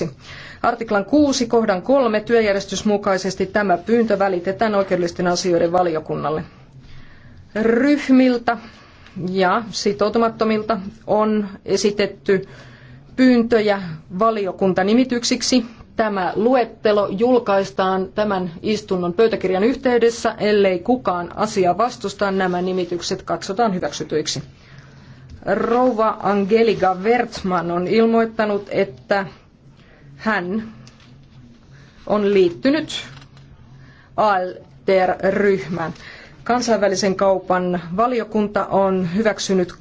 hyväksytyksi. Artiklan 6 kohdan 3 työjärjestys mukaisesti tämä pyyntö välitetään oikeudellisten asioiden valiokunnalle. Ryhmiltä ja sitoutumattomilta on esitetty pyyntöjä valiokuntanimityksiksi. Tämä luettelo julkaistaan tämän istunnon pöytäkirjan yhteydessä, ellei kukaan asia vastusta, nämä nimitykset katsotaan hyväksytyiksi. Rouva Angelika Wertman on ilmoittanut, että hän on liittynyt ALTER-ryhmään. Kansainvälisen kaupan valiokunta on hyväksynyt